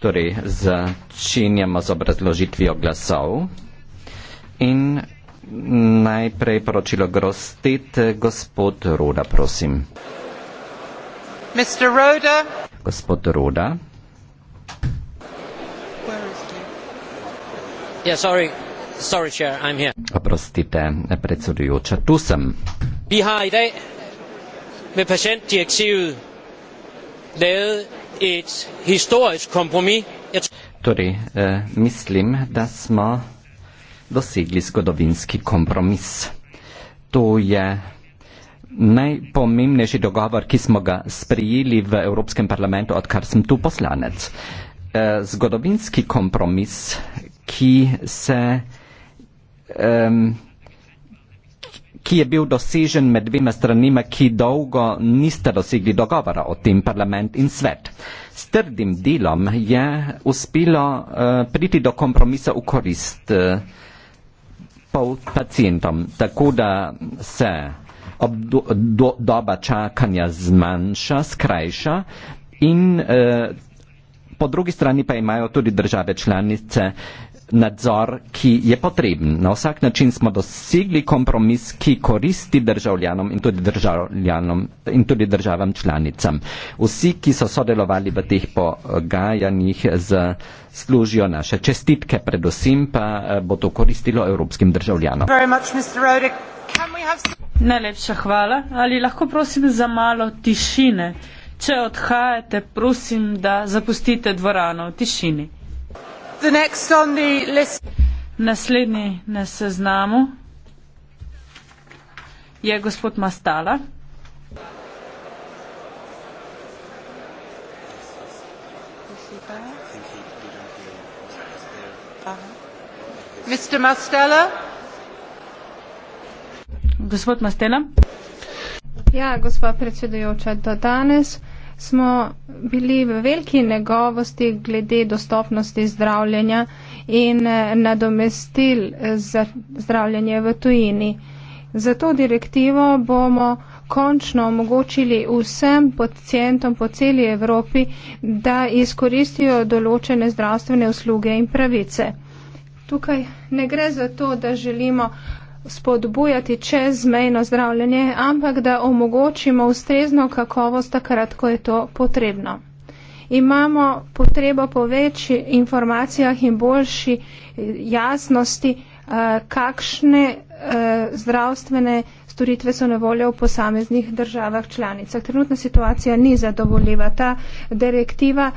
Torej, začenjamo z obrazložitvijo glasov. In najprej poročilo Grostet, gospod Roda, prosim. Mr. Roda. Gospod Roda. Yeah, sorry. Sorry, chair. I'm here. Oprostite, predsedujoča, tu sem. Vi har i dag med patientdirektivet lavet Torej, eh, mislim, da smo dosegli zgodovinski kompromis. To je najpomembnejši dogovor, ki smo ga sprejeli v Evropskem parlamentu, odkar sem tu poslanec. Eh, zgodovinski kompromis, ki se. Eh, ki je bil dosežen med dvema stranima, ki dolgo nista dosegli dogovora o tem parlament in svet. S trdim delom je uspelo uh, priti do kompromisa v korist uh, eh, pacijentom, tako da se obdo, do, doba čakanja zmanjša, skrajša in uh, po drugi strani pa imajo tudi države članice uh, nadzor, ki je potreben. Na vsak način smo dosegli kompromis, ki koristi državljanom in tudi, državljanom in tudi državam članicam. Vsi, ki so sodelovali v teh pogajanjih, služijo naše čestitke, predvsem pa eh, bo to koristilo evropskim državljanom. Najlepša hvala. Ali lahko prosim za malo tišine? Če odhajate, prosim, da zapustite dvorano v tišini. Naslednji na seznamu je gospod Mastala. Gospod Mastela. Ja, gospod predsedujoča, do danes smo bili v veliki negovosti glede dostopnosti zdravljenja in eh, nadomestil za zdravljenje v tujini. Za to direktivo bomo končno omogočili vsem pacijentom po celi Evropi, da izkoristijo določene zdravstvene usluge in pravice. Tukaj ne gre za to, da želimo spodbujati čezmejno zdravljenje, ampak da omogočimo ustrezno kakovost takrat, ko je to potrebno. Imamo potrebo po večji informacijah in boljši eh, jasnosti, eh, kakšne eh, zdravstvene storitve so na voljo v posameznih državah članicah. Trenutna situacija ni zadovoljiva. Ta direktiva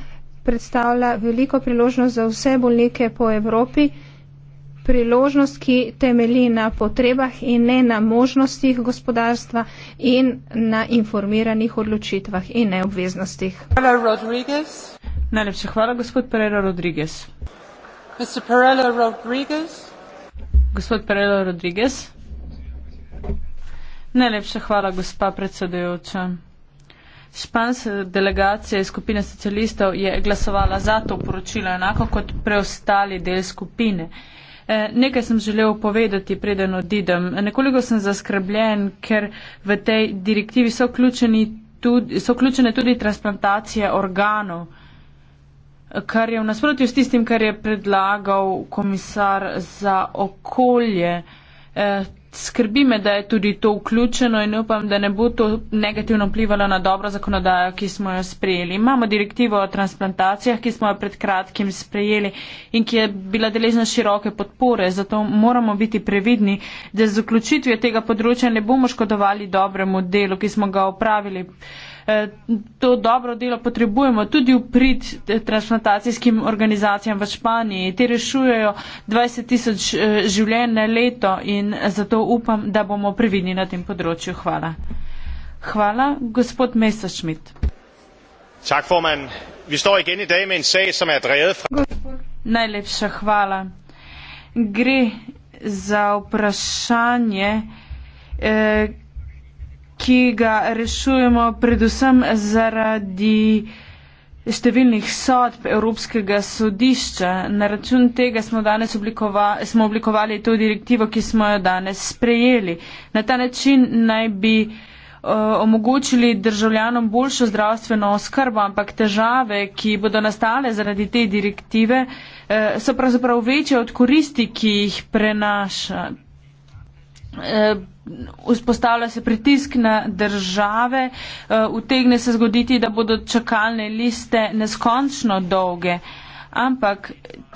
predstavlja veliko priložnost za vse bolnike po Evropi priložnost, ki temeli na potrebah in ne na možnostih gospodarstva in na informiranih odločitvah in ne obveznostih. Najlepša hvala, gospod Perelo Rodriguez. Gospod Perelo Rodriguez. Najlepša hvala, gospa predsedujoča. Španska delegacija iz skupine socialistov je glasovala za to poročilo, enako kot preostali del skupine. Uh, Eh, nekaj sem želel povedati, preden odidem. Nekoliko sem zaskrbljen, ker v tej direktivi so, tudi, so vključene tudi transplantacije organov, kar je v nasprotju s tistim, kar je predlagal komisar za okolje. Eh, Skrbi me, da je tudi to vključeno in upam, da ne bo to negativno vplivalo na dobro zakonodajo, ki smo jo sprejeli. Imamo direktivo o transplantacijah, ki smo jo pred kratkim sprejeli in ki je bila deležna široke podpore, zato moramo biti previdni, da z vključitvijo tega področja ne bomo škodovali dobremu delu, ki smo ga upravili. Uh, Eh, to dobro delo potrebujemo tudi v prid transplantacijskim organizacijam v Španiji. Te rešujejo 20 tisoč eh, življenj na leto in zato upam, da bomo previdni na tem področju. Hvala. Hvala, gospod Messerschmidt. Tak, formand. Sag, er Najlepša hvala. Gre za vprašanje, eh, ki ga rešujemo predvsem zaradi številnih sodb Evropskega sodišča. Na račun tega smo, oblikova, smo oblikovali to direktivo, ki smo jo danes sprejeli. Na ta način naj bi eh, omogočili državljanom boljšo zdravstveno oskrbo, ampak težave, ki bodo nastale zaradi te direktive, eh, so pravzaprav večje od koristi, ki jih prenaša. Eh, Vzpostavlja se pritisk na države, eh, utegne se zgoditi, da bodo čakalne liste neskončno dolge. Ampak,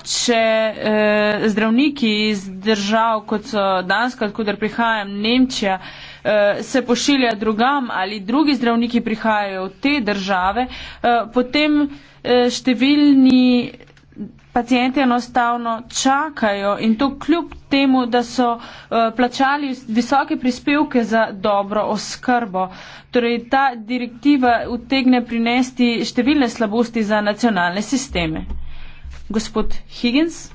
če eh, zdravniki iz držav, kot so Danska, odkudar prihajam, Nemčija, eh, se pošilja drugam ali drugi zdravniki prihajajo v te države, eh, potem eh, številni pacijenti enostavno čakajo in to kljub temu, da so uh, plačali visoke prispevke za dobro oskrbo. Torej, ta direktiva utegne prinesti številne slabosti za nacionalne sisteme. Gospod Higgins.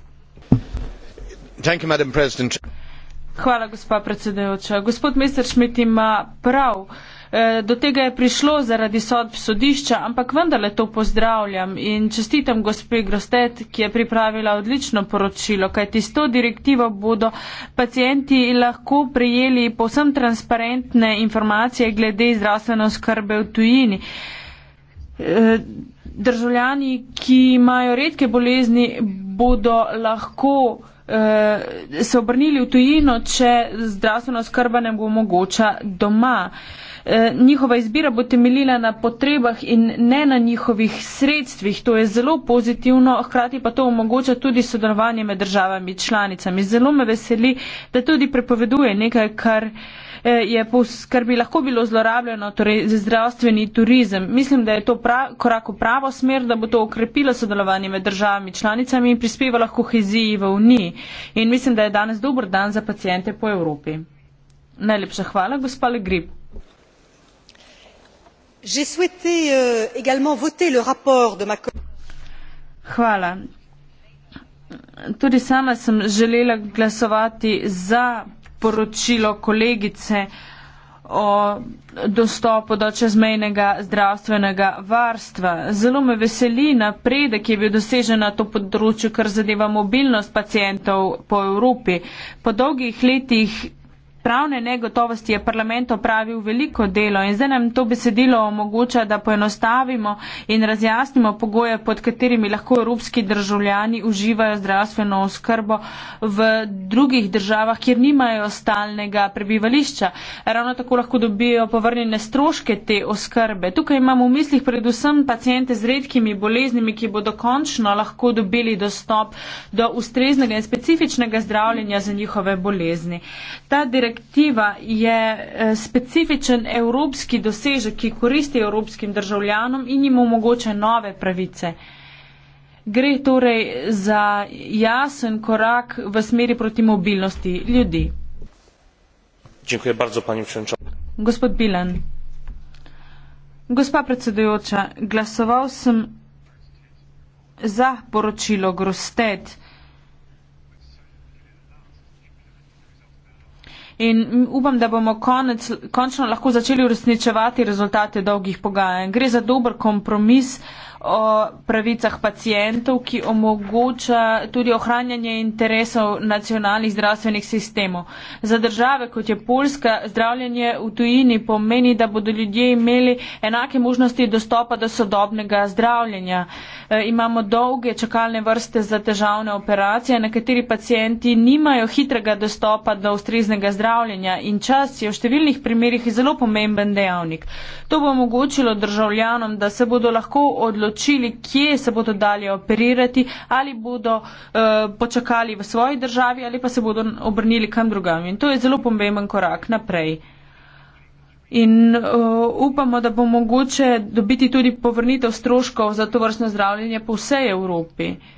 Hvala, gospa predsedujoča. Gospod Mester Šmit ima prav. Uh, Eh, do tega je prišlo zaradi sodb sodišča, ampak vendarle to pozdravljam in čestitam gospe Grostet, ki je pripravila odlično poročilo, kajti s to direktivo bodo pacijenti lahko prijeli povsem transparentne informacije glede zdravstveno skrbe v tujini. Eh, državljani, ki imajo redke bolezni, bodo lahko eh, se obrnili v tujino, če zdravstveno skrba ne bo mogoča doma. Eh, njihova izbira bo temeljila na potrebah in ne na njihovih sredstvih. To je zelo pozitivno, hkrati pa to omogoča tudi sodelovanje med državami članicami. Zelo me veseli, da tudi prepoveduje nekaj, kar, eh, je, kar bi lahko bilo zlorabljeno, torej zdravstveni turizem. Mislim, da je to prav, korak v pravo smer, da bo to okrepilo sodelovanje med državami članicami in prispevalo koheziji v Uniji. In mislim, da je danes dober dan za pacijente po Evropi. Najlepša hvala, gospod Legrip j'ai souhaité euh, également voter le rapport de ma Hvala. Tudi sama sem želela glasovati za poročilo kolegice o dostopu do čezmejnega zdravstvenega varstva. Zelo me veseli napredek, ki je bil dosežen na to področju, kar zadeva mobilnost pacijentov po Evropi. Po dolgih letih pravne negotovosti je parlament opravil veliko delo in zdaj nam to besedilo omogoča, da poenostavimo in razjasnimo pogoje, pod katerimi lahko evropski državljani uživajo zdravstveno oskrbo v drugih državah, kjer nimajo stalnega prebivališča. Ravno tako lahko dobijo povrnjene stroške te oskrbe. Tukaj imamo v mislih predvsem pacijente z redkimi boleznimi, ki bodo končno lahko dobili dostop do ustreznega in specifičnega zdravljenja za njihove bolezni. Ta direktiva direktiva je eh, specifičen evropski dosežek, ki koristi evropskim državljanom in jim omogoča nove pravice. Gre torej za jasen korak v smeri proti mobilnosti ljudi. Dziękuję bardzo, pani przewodnicząca. Gospod Bilan. Gospa predsedujoča, glasoval sem za poročilo Grostet. in upam, da bomo konec, končno lahko začeli uresničevati rezultate dolgih pogajanj. Gre za dober kompromis o pravicah pacijentov, ki omogoča tudi ohranjanje interesov nacionalnih zdravstvenih sistemov. Za države, kot je Poljska, zdravljenje v tujini pomeni, da bodo ljudje imeli enake možnosti dostopa do sodobnega zdravljenja. E, imamo dolge čakalne vrste za težavne operacije, na kateri pacijenti nimajo hitrega dostopa do ustreznega zdravljenja in čas je v številnih primerjih zelo pomemben dejavnik. To bo omogočilo državljanom, da se bodo lahko odločili, odločili, kje se bodo dali operirati, ali bodo uh, počakali v svoji državi ali pa se bodo obrnili kam drugam. In to je zelo pomemben korak naprej. In uh, upamo, da bo mogoče dobiti tudi povrnitev stroškov za to vrstno zdravljenje po vsej Evropi. Uh,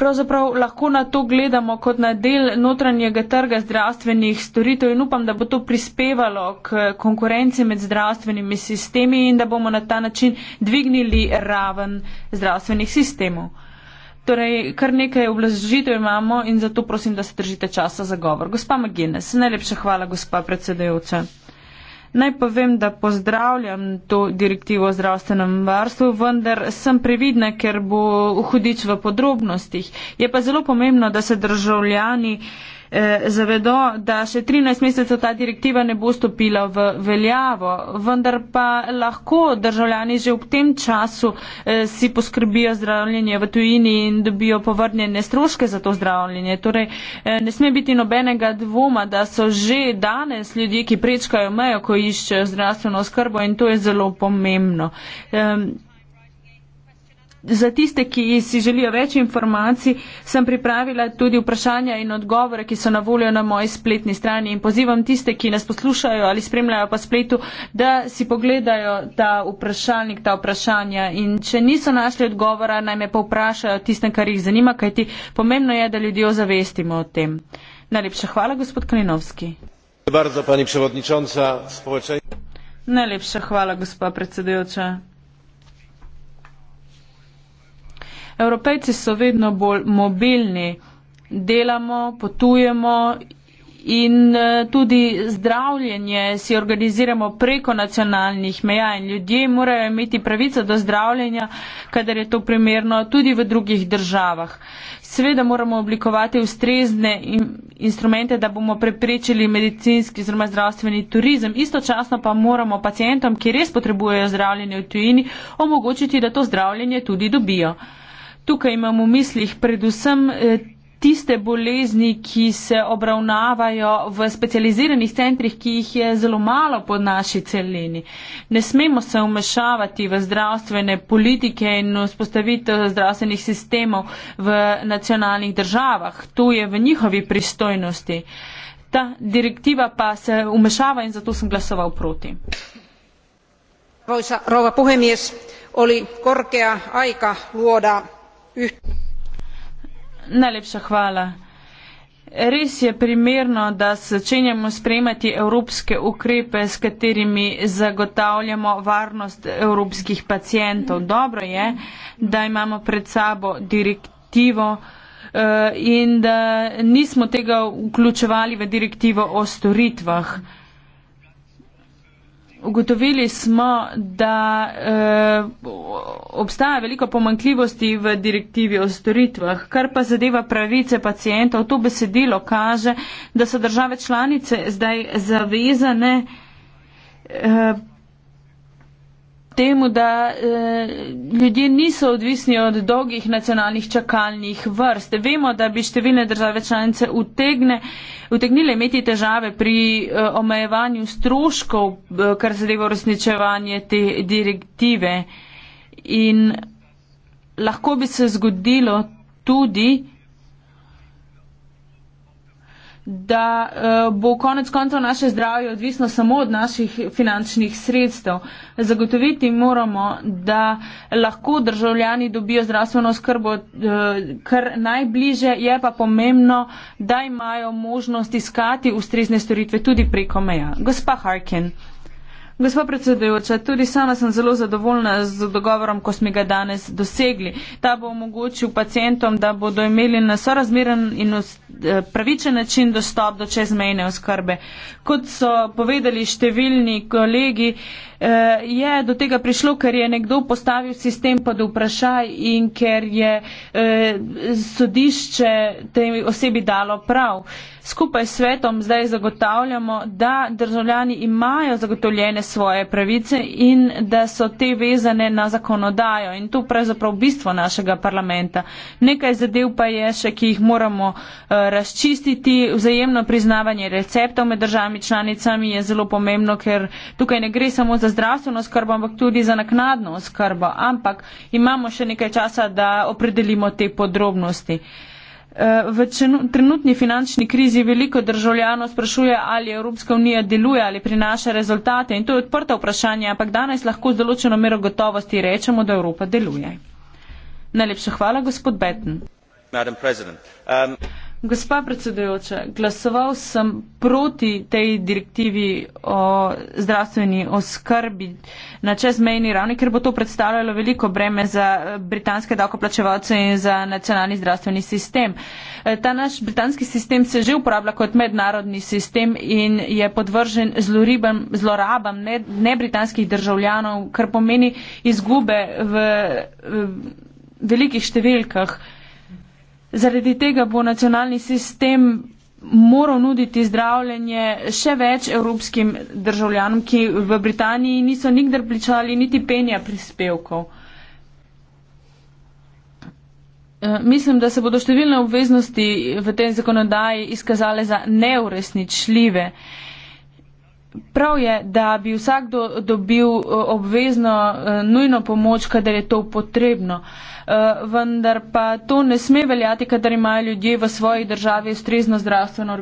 Pravzaprav lahko na to gledamo kot na del notranjega trga zdravstvenih storitev in upam, da bo to prispevalo k konkurenci med zdravstvenimi sistemi in da bomo na ta način dvignili raven zdravstvenih sistemov. Torej, kar nekaj oblažitev imamo in zato prosim, da se držite časa za govor. Gospa McGuinness, najlepša hvala, gospa predsedajoča. Naj povem, da pozdravljam to direktivo o zdravstvenem varstvu, vendar sem previdna, ker bo hudič v podrobnostih. Je pa zelo pomembno, da se državljani eh, zavedo, da še 13 mesecev ta direktiva ne bo stopila v veljavo, vendar pa lahko državljani že ob tem času eh, si poskrbijo zdravljenje v tujini in dobijo povrnjene stroške za to zdravljenje. Torej, eh, ne sme biti nobenega dvoma, da so že danes ljudje, ki prečkajo mejo, ko iščejo zdravstveno oskrbo in to je zelo pomembno. Eh, Za tiste, ki si želijo več informacij, sem pripravila tudi vprašanja in odgovore, ki so na voljo na moji spletni strani in pozivam tiste, ki nas poslušajo ali spremljajo pa spletu, da si pogledajo ta vprašalnik, ta vprašanja in če niso našli odgovora, naj me povprašajo tiste, kar jih zanima, kajti pomembno je, da ljudi ozavestimo o tem. Najlepša hvala, gospod Kalinovski. Bardzo, Najlepša hvala, gospod predsedujoča. Evropejci so vedno bolj mobilni, delamo, potujemo in eh, tudi zdravljenje si organiziramo preko nacionalnih meja in ljudje morajo imeti pravico do zdravljenja, kadar je to primerno, tudi v drugih državah. Sveda moramo oblikovati ustrezne in, instrumente, da bomo preprečili medicinski oziroma zdravstveni turizem. Istočasno pa moramo pacijentom, ki res potrebujejo zdravljenje v tujini, omogočiti, da to zdravljenje tudi dobijo tukaj imam v mislih predvsem eh, tiste bolezni, ki se obravnavajo v specializiranih centrih, ki jih je zelo malo pod naši celini. Ne smemo se umešavati v zdravstvene politike in vzpostavitev zdravstvenih sistemov v nacionalnih državah. To je v njihovi pristojnosti. Ta direktiva pa se umešava in zato sem glasoval proti. Rova puhemies, oli korkea aika luoda Najlepša hvala. Res je primerno, da začenjamo sprejemati evropske ukrepe, s katerimi zagotavljamo varnost evropskih pacijentov. Dobro je, da imamo pred sabo direktivo eh, in da nismo tega vključevali v direktivo o storitvah. Ugotovili smo, da e, obstaja veliko pomankljivosti v direktivi o storitvah, kar pa zadeva pravice pacijentov. To besedilo kaže, da so države članice zdaj zavezane e, temu, da eh, ljudje niso odvisni od dolgih nacionalnih čakalnih vrst. Vemo, da bi številne države članice utegne, utegnile imeti težave pri eh, omejevanju stroškov, eh, kar zadeva uresničevanje te direktive. In lahko bi se zgodilo tudi, da eh, bo konec koncev naše zdravje odvisno samo od naših finančnih sredstev. Zagotoviti moramo, da lahko državljani dobijo zdravstveno skrbo eh, kar najbliže, je pa pomembno, da imajo možnost iskati ustrezne storitve tudi preko meja. Gospa Harkin. Gospod predsedujoča, tudi sama sem zelo zadovoljna z dogovorom, ko smo ga danes dosegli. Ta bo omogočil pacijentom, da bodo imeli na sorazmeren in eh, pravičen način dostop do čezmejne oskrbe. Kot so povedali številni kolegi, eh, je do tega prišlo, ker je nekdo postavil sistem pod vprašaj in ker je eh, sodišče tej osebi dalo prav skupaj s svetom zdaj zagotavljamo, da državljani imajo zagotovljene svoje pravice in da so te vezane na zakonodajo. In to je pravzaprav bistvo našega parlamenta. Nekaj zadev pa je še, ki jih moramo uh, razčistiti. Vzajemno priznavanje receptov med državami članicami je zelo pomembno, ker tukaj ne gre samo za zdravstveno skrbo, ampak tudi za naknadno skrbo. Ampak imamo še nekaj časa, da opredelimo te podrobnosti. Uh, V trenutni finančni krizi veliko državljanov sprašuje, ali Evropska unija deluje, ali prinaša rezultate in to je odprto vprašanje, ampak danes lahko z določeno mero gotovosti rečemo, da Evropa deluje. Najlepša hvala, gospod Betten. Um... Gospa predsedujoča, glasoval sem proti tej direktivi o zdravstveni oskrbi na čezmejni ravni, ker bo to predstavljalo veliko breme za eh, britanske davkoplačevalce in za nacionalni zdravstveni sistem. Eh, ta naš britanski sistem se že uporablja kot mednarodni sistem in je podvržen zlorabam, zlorabam ne, ne britanskih državljanov, kar pomeni izgube v, v velikih številkah. Zaradi tega bo nacionalni sistem moral nuditi zdravljenje še več evropskim državljanom, ki v Britaniji niso nikdar plačali niti penja prispevkov. E, mislim, da se bodo številne obveznosti v tej zakonodaji izkazale za neuresničljive. Prav je, da bi vsak do, dobil eh, obvezno eh, nujno pomoč, kadar je to potrebno. Eh, vendar pa to ne sme veljati, kadar imajo ljudje v svoji državi ustrezno zdravstveno,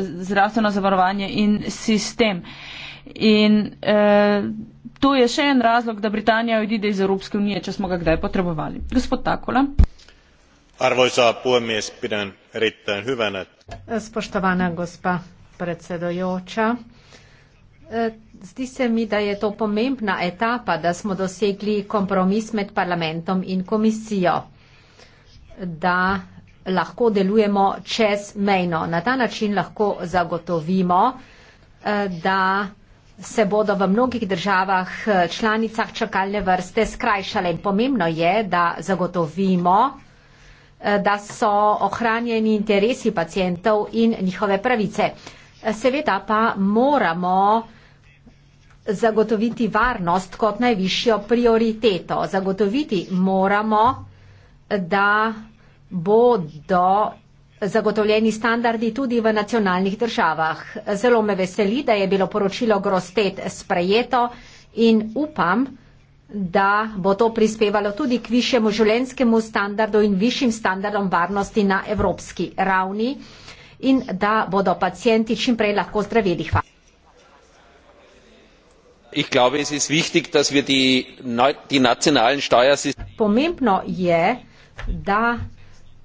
zdravstveno zavarovanje in sistem. In eh, to je še en razlog, da Britanija odide iz Evropske unije, če smo ga kdaj potrebovali. Gospod Takola. Arvoisa puhemies, pidän erittäin hyvänä. Spoštovana gospa predsedojoča. E, zdi se mi, da je to pomembna etapa, da smo dosegli kompromis med parlamentom in komisijo, da lahko delujemo čezmejno. Na ta način lahko zagotovimo, e, da se bodo v mnogih državah e, članicah čakalne vrste skrajšale. In pomembno je, da zagotovimo, da so ohranjeni interesi pacijentov in njihove pravice. Seveda pa moramo zagotoviti varnost kot najvišjo prioriteto. Zagotoviti moramo, da bodo zagotovljeni standardi tudi v nacionalnih državah. Zelo me veseli, da je bilo poročilo Grospet sprejeto in upam, da bo to prispevalo tudi k višjemu življenskemu standardu in višjim standardom varnosti na evropski ravni in da bodo pacijenti čim prej lahko zdravili. Hvala ich glaube, es ist wichtig, dass wir die, die nationalen Steuersysteme. Pomembno je, da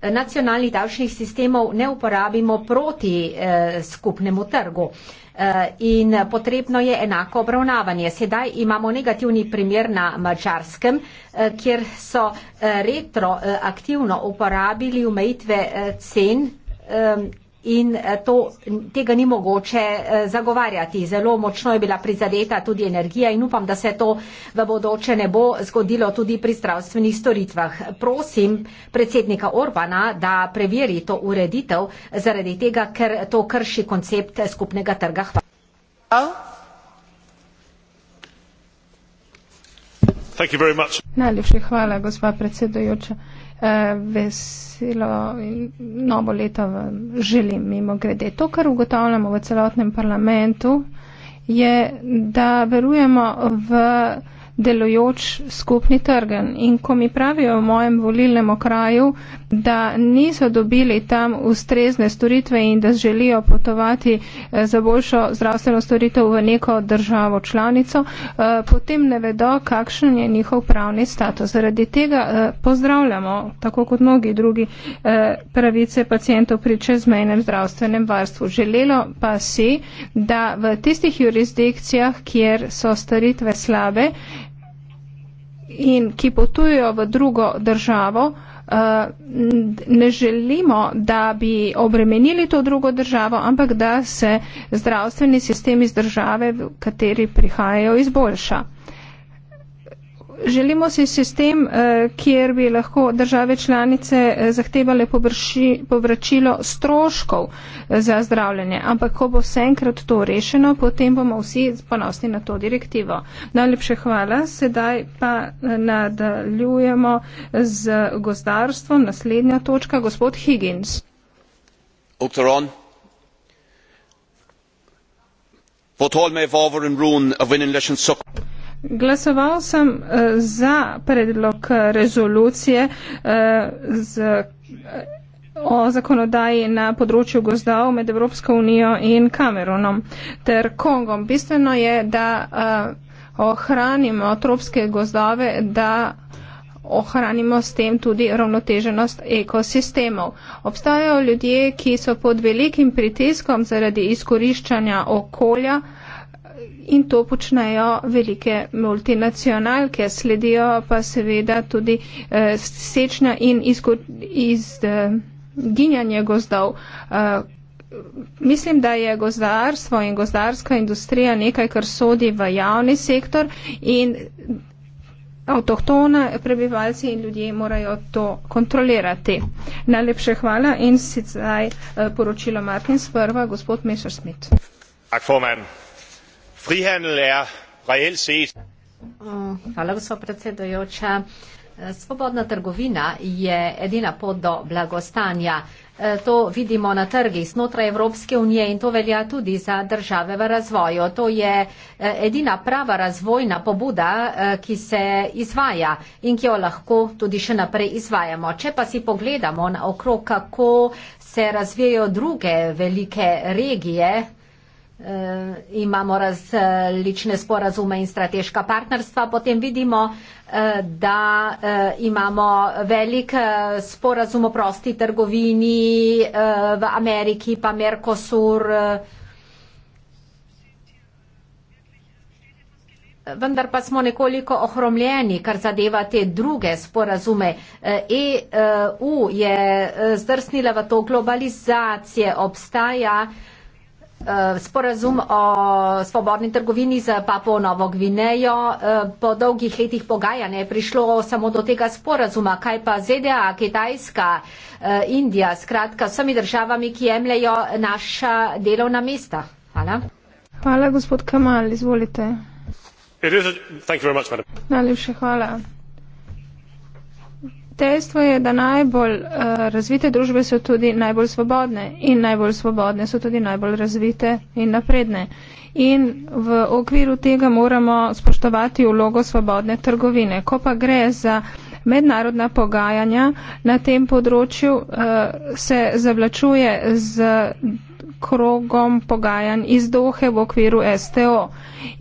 eh, nacionalnih davčnih sistemov ne uporabimo proti eh, skupnemu trgu eh, in potrebno je enako obravnavanje. Sedaj imamo negativni primer na Mačarskem, eh, kjer so eh, retroaktivno eh, uporabili umejitve eh, cen eh, In eh, to, tega ni mogoče eh, zagovarjati. Zelo močno je bila prizadeta tudi energija in upam, da se to v bodoče ne bo zgodilo tudi pri zdravstvenih storitvah. Prosim predsednika Orbana, da preveri to ureditev zaradi tega, ker to krši koncept skupnega trga. Hvala. Najlepše hvala, gospa predsedujoča. Eh, veselo in novo leto želim mimo grede. To, kar ugotavljamo v celotnem parlamentu, je, da verujemo v delujoč skupni trg. In ko mi pravijo v mojem volilnem okraju, da niso dobili tam ustrezne storitve in da želijo potovati eh, za boljšo zdravstveno storitev v neko državo članico, eh, potem ne vedo, kakšen je njihov pravni status. Zaradi tega eh, pozdravljamo, tako kot mnogi drugi, pravice pacijentov pri čezmejnem zdravstvenem varstvu. Želelo pa si, da v tistih jurisdikcijah, kjer so storitve slabe, in ki potujejo v drugo državo, eh, ne želimo, da bi obremenili to drugo državo, ampak da se zdravstveni sistem iz države, v kateri prihajajo, izboljša. Želimo si sistem, eh, kjer bi lahko države članice eh, zahtevale povračilo stroškov eh, za zdravljenje, ampak ko bo vse enkrat to rešeno, potem bomo vsi ponosni na to direktivo. Najlepše hvala, sedaj pa nadaljujemo z gozdarstvom. Naslednja točka, gospod Higgins. Oktoron. Potolme vavor in run, avinin lešen sokol. Glasoval sem eh, za predlog rezolucije eh, z, o zakonodaji na področju gozdov med Evropsko unijo in Kamerunom ter Kongom. Bistveno je, da eh, ohranimo tropske gozdove, da ohranimo s tem tudi ravnoteženost ekosistemov. Obstajajo ljudje, ki so pod velikim pritiskom zaradi izkoriščanja okolja, in to počnejo velike multinacionalke, sledijo pa seveda tudi uh, eh, sečna in izginjanje iz, uh, gozdov. Uh, mislim, da je gozdarstvo in gozdarska industrija nekaj, kar sodi v javni sektor in avtohtona prebivalci in ljudje morajo to kontrolirati. Najlepše hvala in sicer uh, poročilo Martins prva, gospod Messerschmidt. Tak, frihandel er reelt set. Oh, hvala, gospod predsedujoča. Svobodna trgovina je edina pot do blagostanja. E, to vidimo na trgih znotraj Evropske unije in to velja tudi za države v razvoju. To je e, edina prava razvojna pobuda, e, ki se izvaja in ki jo lahko tudi še naprej izvajamo. Če pa si pogledamo na okrog, kako se razvijajo druge velike regije, Eh, imamo različne sporazume in strateška partnerstva, potem vidimo, eh, da eh, imamo velik sporazum o prosti trgovini v Ameriki, pa Mercosur. Vendar pa smo nekoliko ohromljeni, kar zadeva te druge sporazume. EU e, je zdrsnila v to globalizacijo, obstaja Eh, sporazum o svobodni trgovini z Papo Novo Gvinejo. Eh, po dolgih letih pogajanja je prišlo samo do tega sporazuma. Kaj pa ZDA, Kitajska, eh, Indija, skratka, vsemi državami, ki jemljajo naša delovna mesta? Hvala. Hvala, gospod Kamal, izvolite. Najlepša hvala dejstvo je, da najbolj uh, razvite družbe so tudi najbolj svobodne in najbolj svobodne so tudi najbolj razvite in napredne. In v okviru tega moramo spoštovati vlogo svobodne trgovine. Ko pa gre za mednarodna pogajanja na tem področju, uh, se zavlačuje z krogom pogajanj iz Dohe v okviru STO.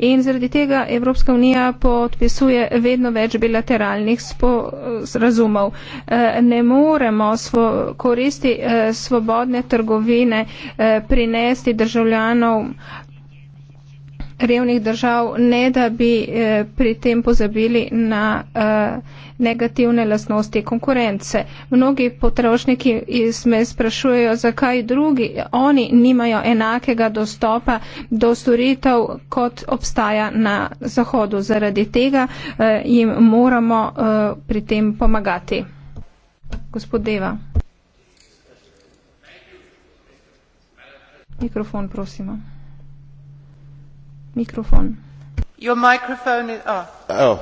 In zaradi tega Evropska unija podpisuje vedno več bilateralnih sporazumov. E, ne moremo svo koristi e, svobodne trgovine e, prinesti državljanov revnih držav, ne da bi eh, pri tem pozabili na eh, negativne lasnosti konkurence. Mnogi potrošniki me sprašujejo, zakaj drugi, oni nimajo enakega dostopa do storitev, kot obstaja na Zahodu. Zaradi tega eh, jim moramo pri tem pomagati. Gospod Deva. Mikrofon, prosimo. Oh. Oh.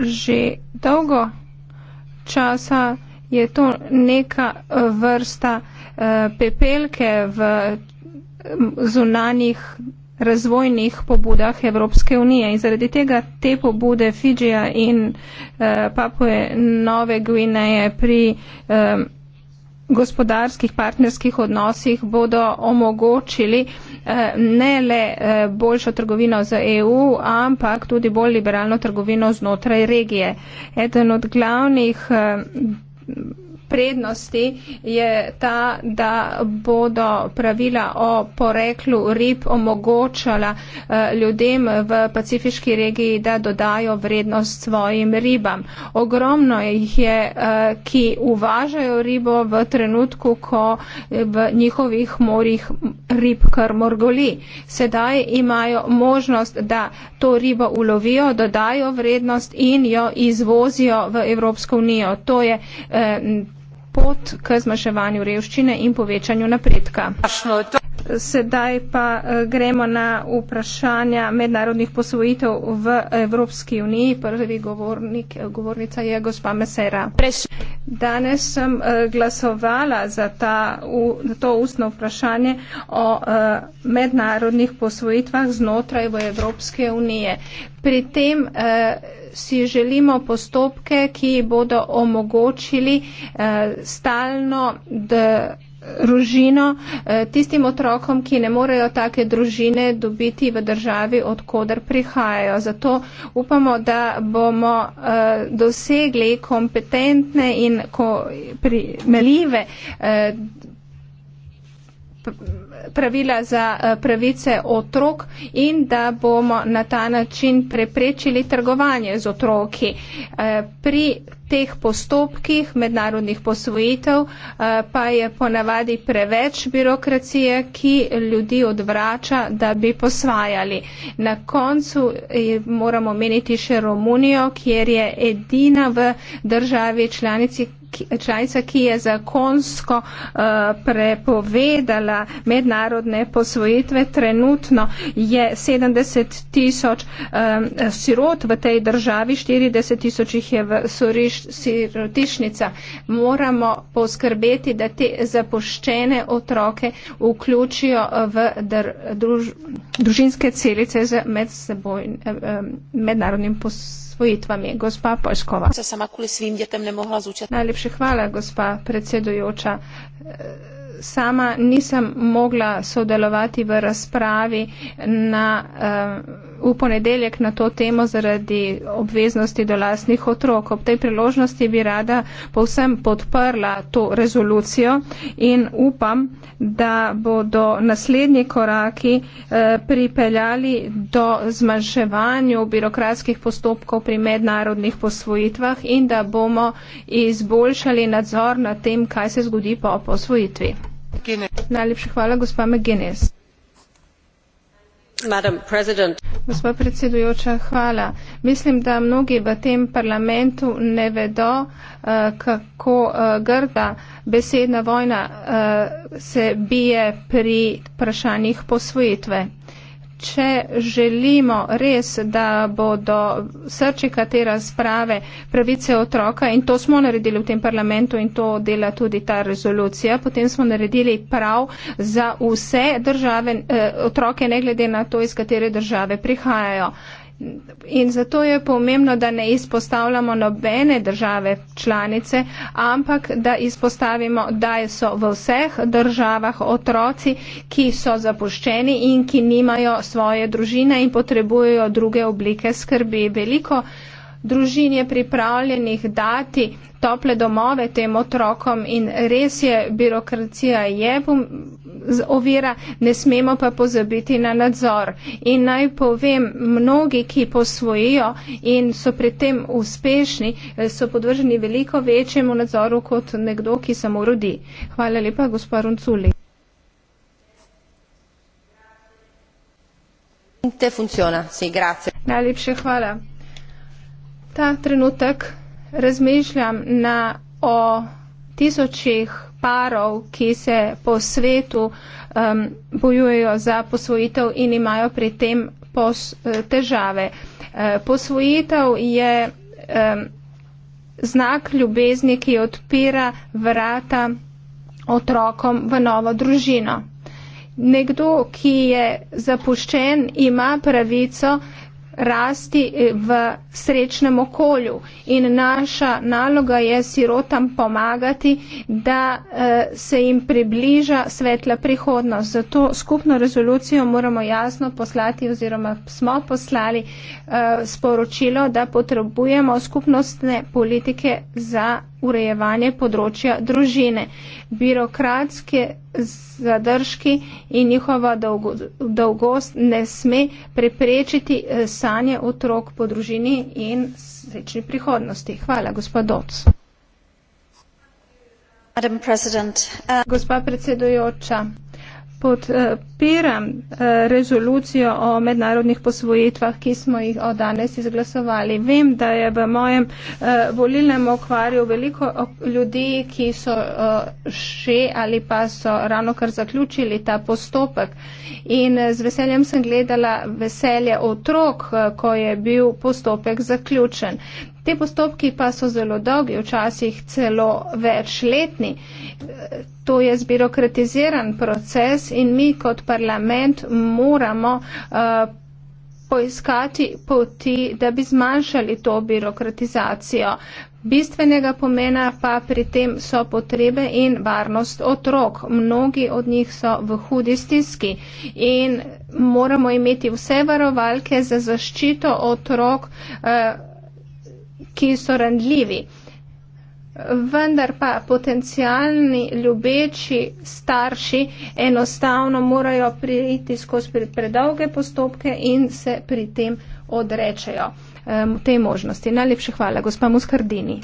že dolgo časa je to neka eh, vrsta eh, pepelke v zunanjih razvojnih pobudah Evropske unije in zaradi tega te pobude Fidžija in eh, Papue Nove Gvineje pri gospodarskih partnerskih odnosih bodo omogočili eh, ne le eh, boljšo trgovino z EU, ampak tudi bolj liberalno trgovino znotraj regije. Eden od glavnih eh, prednosti je ta, da bodo pravila o poreklu rib omogočala eh, ljudem v pacifiški regiji, da dodajo vrednost svojim ribam. Ogromno jih je, eh, ki uvažajo ribo v trenutku, ko eh, v njihovih morjih rib kar morgoli. Sedaj imajo možnost, da to ribo ulovijo, dodajo vrednost in jo izvozijo v Evropsko unijo. To je eh, pot k zmanjševanju revščine in povečanju napredka. Sedaj pa eh, gremo na vprašanja mednarodnih posvojitev v Evropski uniji. Prvi govornik, eh, govornica je gospa Mesera. Danes sem eh, glasovala za, ta, za to ustno vprašanje o mednarodnih posvojitvah znotraj v Evropske unije. Pri tem si želimo postopke, ki bodo omogočili stalno, da družino, eh, tistim otrokom, ki ne morejo take družine dobiti v državi, odkudar prihajajo. Zato upamo, da bomo eh, dosegli kompetentne in primeljive eh, pravila za eh, pravice otrok in da bomo na ta način preprečili trgovanje z otroki. Eh, pri teh postopkih mednarodnih posvojitev eh, pa je ponavadi preveč birokracije, ki ljudi odvrača, da bi posvajali. Na koncu moramo meniti še Romunijo, kjer je edina v državi članici, članica, ki je zakonsko uh, prepovedala mednarodne posvojitve. Trenutno je 70 tisoč um, sirot v tej državi, 40 tisoč jih je v soriš, sirotišnica. Moramo poskrbeti, da te zapuščene otroke vključijo eh, v dr, druž, družinske celice z medsebojn, um, mednarodnim posvojitvam osvojitvami. Gospa Poljskova. Se sama kuli svim djetem ne mogla zučati. Najlepše hvala, gospa predsedujoča. Sama nisam mogla sodelovati v razpravi na uh, v ponedeljek na to temo zaradi obveznosti do lastnih otrok. Ob tej priložnosti bi rada povsem podprla to rezolucijo in upam, da bodo naslednji koraki eh, pripeljali do zmanjševanju birokratskih postopkov pri mednarodnih posvojitvah in da bomo izboljšali nadzor nad tem, kaj se zgodi po posvojitvi. Najlepša hvala, gospa McGuinness. Gospod predsedujoča, hvala. Mislim, da mnogi v tem parlamentu ne vedo, eh, kako eh, grda besedna vojna eh, se bije pri vprašanjih posvojitve če želimo res, da bodo srčika te razprave pravice otroka in to smo naredili v tem parlamentu in to dela tudi ta rezolucija, potem smo naredili prav za vse države, eh, otroke, ne glede na to, iz katere države prihajajo. In zato je pomembno, da ne izpostavljamo nobene države članice, ampak da izpostavimo, da so v vseh državah otroci, ki so zapuščeni in ki nimajo svoje družine in potrebujejo druge oblike skrbi. Veliko družin je pripravljenih dati tople domove tem otrokom in res je, birokracija je bom, ovira, ne smemo pa pozabiti na nadzor. In naj povem, mnogi, ki posvojijo in so pri tem uspešni, eh, so podvrženi veliko večjemu nadzoru kot nekdo, ki se mu rodi. Hvala lepa, gospod Runculi. Najlepše hvala ta trenutek razmišljam na o tisočih parov, ki se po svetu um, bojujejo za posvojitev in imajo pri tem pos, eh, težave. E, posvojitev je um, znak ljubezni, ki odpira vrata otrokom v novo družino. Nekdo, ki je zapuščen, ima pravico rasti eh, v srečnem okolju. In naša naloga je sirotam pomagati, da eh, se jim približa svetla prihodnost. Zato skupno rezolucijo moramo jasno poslati oziroma smo poslali eh, sporočilo, da potrebujemo skupnostne politike za urejevanje področja družine, birokratske zadržki in njihova dolgo, dolgost ne sme preprečiti eh, sanje otrok po družini in srečni prihodnosti. Hvala, gospod Doc. Eh, Gospa predsedujoča, podpiram eh, rezolucijo o mednarodnih posvojitvah, ki smo jih od danes izglasovali. Vem, da je v mojem eh, volilnem okvarju veliko ljudi, ki so eh, še ali pa so ravno kar zaključili ta postopek. In z veseljem sem gledala veselje otrok, ko je bil postopek zaključen. Te postopki pa so zelo dolgi, včasih celo večletni. To je zbirokratiziran proces in mi kot parlament moramo uh, poiskati poti, da bi zmanjšali to birokratizacijo. Bistvenega pomena pa pri tem so potrebe in varnost otrok. Mnogi od njih so v hudi stiski in moramo imeti vse varovalke za zaščito otrok. Uh, ki so randljivi. Vendar pa potencijalni ljubeči starši enostavno morajo priti skozi predolge postopke in se pri tem odrečejo um, tej možnosti. Najlepše hvala, gospa Muskardini.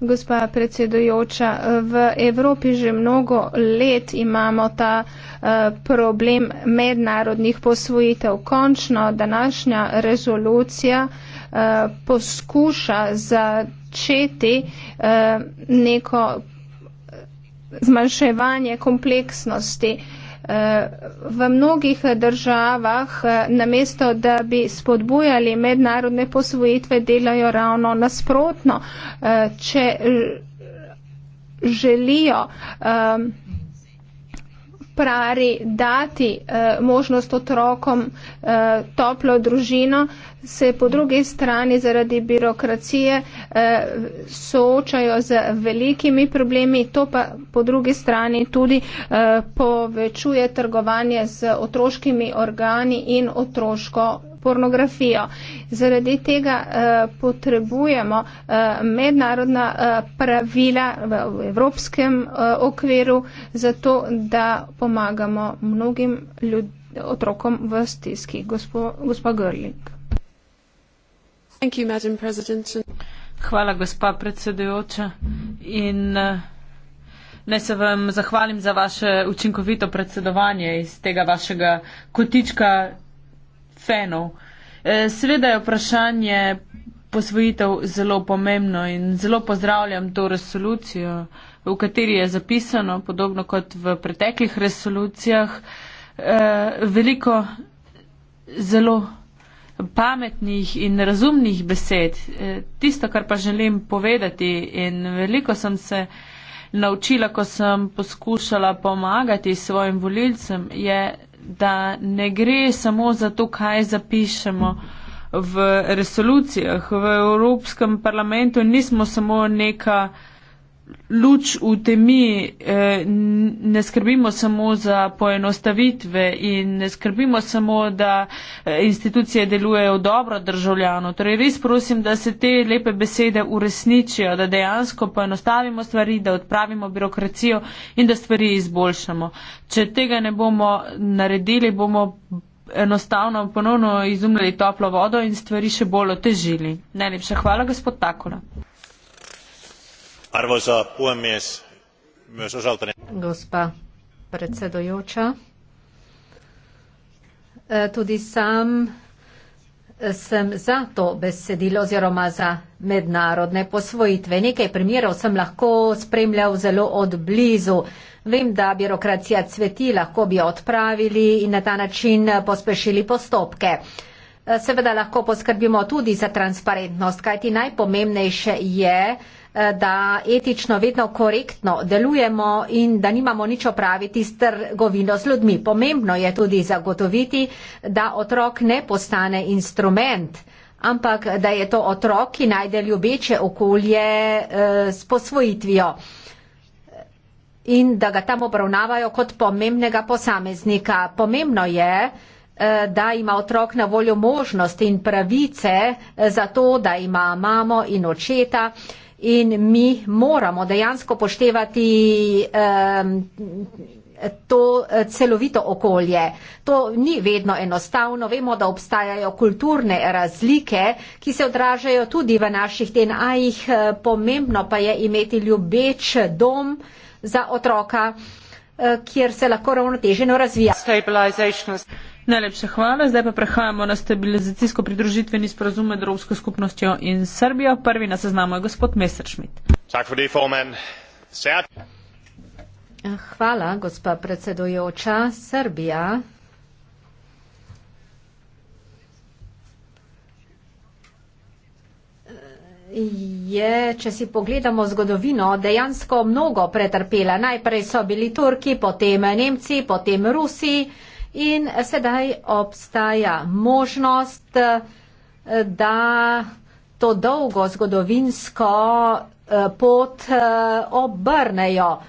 Gospa predsedujoča, v Evropi že mnogo let imamo ta uh, problem mednarodnih posvojitev. Končno današnja rezolucija uh, Eh, poskuša začeti eh, neko eh, zmanjševanje kompleksnosti. V mnogih državah, namesto da bi spodbujali mednarodne posvojitve, delajo ravno nasprotno. Če želijo um, pripravi dati uh, možnost otrokom uh, toplo družino, se po drugi strani zaradi birokracije uh, soočajo z velikimi problemi, to pa po drugi strani tudi uh, povečuje trgovanje z otroškimi organi in otroško pornografijo. Zaradi tega eh, potrebujemo eh, mednarodna eh, pravila v, v evropskem eh, okviru, zato da pomagamo mnogim ljud, otrokom v stiski. Gospo, gospa Görling. Hvala, gospa predsedujoča. In, eh, Naj se vam zahvalim za vaše učinkovito predsedovanje iz tega vašega kotička fenov. E, seveda je vprašanje posvojitev zelo pomembno in zelo pozdravljam to resolucijo, v kateri je zapisano, podobno kot v preteklih resolucijah, e, veliko zelo pametnih in razumnih besed. E, tisto, kar pa želim povedati in veliko sem se naučila, ko sem poskušala pomagati svojim volilcem, je da ne gre samo za to, kaj zapišemo v resolucijah. V Evropskem parlamentu nismo samo neka luč v temi, eh, ne skrbimo samo za poenostavitve in ne skrbimo samo, da eh, institucije delujejo dobro državljano. Torej res prosim, da se te lepe besede uresničijo, da dejansko poenostavimo stvari, da odpravimo birokracijo in da stvari izboljšamo. Če tega ne bomo naredili, bomo enostavno ponovno izumljali toplo vodo in stvari še bolj otežili. Najlepša hvala, gospod Takola arvoisa puhemies myös osaltani. Gospa predsedujoča. E, tudi sam sem za to besedilo oziroma za mednarodne posvojitve. Nekaj primerov sem lahko spremljal zelo od blizu. Vem, da birokracija cveti, lahko bi jo odpravili in na ta način pospešili postopke. E, seveda lahko poskrbimo tudi za transparentnost, kajti najpomembnejše je, Eh, da etično, vedno korektno delujemo in da nimamo nič opraviti s trgovino z ljudmi. Pomembno je tudi zagotoviti, da otrok ne postane instrument, ampak da je to otrok, ki najde ljubeče okolje eh, s posvojitvijo in da ga tam obravnavajo kot pomembnega posameznika. Pomembno je, eh, da ima otrok na voljo možnosti in pravice za to, da ima mamo in očeta, in mi moramo dejansko poštevati um, to eh, celovito okolje. To ni vedno enostavno. Vemo, da obstajajo kulturne razlike, ki se odražajo tudi v naših DNA-jih. Eh, pomembno pa je imeti ljubeč dom za otroka, eh, kjer se lahko ravnoteženo razvija. Najlepša hvala. Zdaj pa prehajamo na stabilizacijsko pridružitveni sporozum med Evropsko skupnostjo in Srbijo. Prvi na seznamu je gospod Messerschmidt. Hvala, gospa predsedujoča. Srbija je, če si pogledamo zgodovino, dejansko mnogo pretrpela. Najprej so bili Turki, potem Nemci, potem Rusi in sedaj obstaja možnost, eh, da to dolgo zgodovinsko eh, pot eh, obrnejo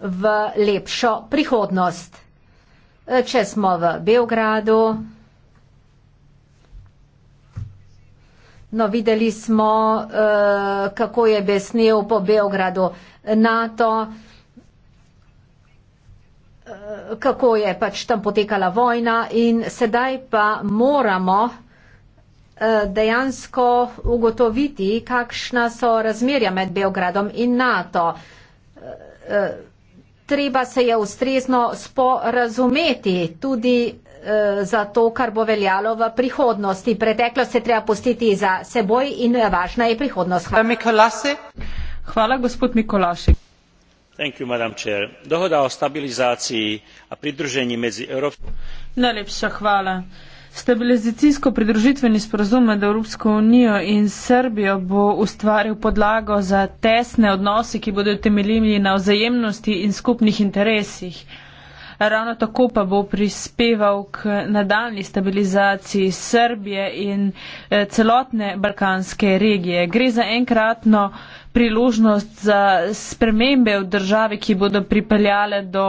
v lepšo prihodnost. Če smo v Belgradu, no videli smo, kako je besnil po Belgradu NATO, Eh, kako je pač tam potekala vojna in sedaj pa moramo eh, dejansko ugotoviti, kakšna so razmerja med Beogradom in NATO. Eh, treba se je ustrezno sporazumeti tudi za to, kar bo veljalo v prihodnosti. Preteklost se treba pustiti za seboj in važna je prihodnost. Hvala, Hvala gospod Mikolašek dohoda o stabilizaciji a pridružení medzi európskou úniou stabilizacijsko pridružitveni sporazum med Evropsko unijo in Srbijo bo ustvaril podlago za tesne odnose, ki bodo temeljili na vzajemnosti in skupnih interesih. Ravno tako pa bo prispeval k nadaljni stabilizaciji Srbije in eh, celotne balkanske regije. Gre za enkratno priložnost za spremembe v državi, ki bodo pripeljale do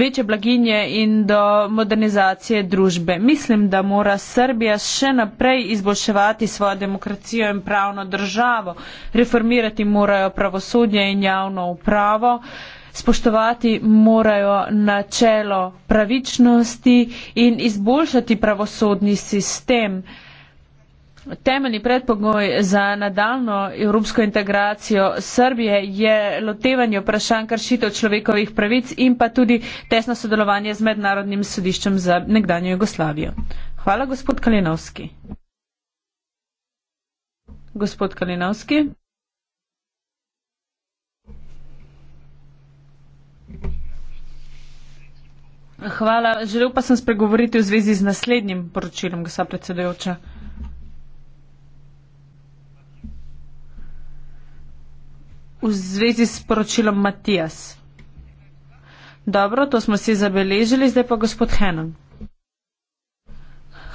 večje blaginje in do modernizacije družbe. Mislim, da mora Srbija še naprej izboljševati svojo demokracijo in pravno državo. Reformirati morajo pravosodje in javno upravo. Spoštovati morajo načelo pravičnosti in izboljšati pravosodni sistem. Temeljni predpogoj za nadaljno evropsko integracijo Srbije je lotevanje vprašanj kršitev človekovih pravic in pa tudi tesno sodelovanje z Mednarodnim sodiščem za nekdanjo Jugoslavijo. Hvala, gospod Kalinovski. Gospod Kalinovski. Hvala. Želel pa sem spregovoriti v zvezi z naslednjim poročilom, gospod predsedujoča. v zvezi s poročilom Matijas. Dobro, to smo si zabeležili, zdaj pa gospod Henan.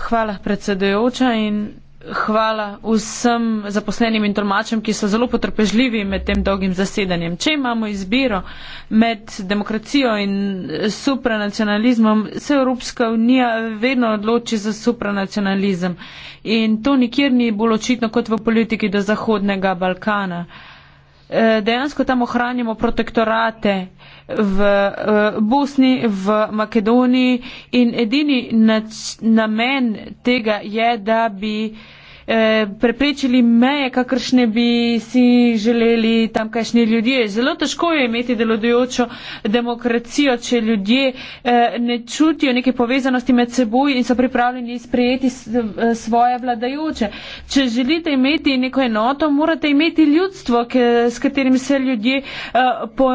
Hvala predsedujoča in hvala vsem zaposlenim in tolmačem, ki so zelo potrpežljivi med tem dolgim zasedanjem. Če imamo izbiro med demokracijo in supranacionalizmom, se Evropska unija vedno odloči za supranacionalizem. In to nikjer ni bolj očitno kot v politiki do Zahodnega Balkana. Eh, dejansko tam ohranjamo protektorate v eh, Bosni, v Makedoniji in edini nač, namen tega je, da bi uh, Eh, preprečili meje, kakršne bi si želeli tamkajšnji ljudje. Zelo težko je imeti delodajočo demokracijo, če ljudje eh, ne čutijo neke povezanosti med seboj in so pripravljeni sprejeti eh, svoje vladajoče. Če želite imeti neko enoto, morate imeti ljudstvo, s katerim se ljudje po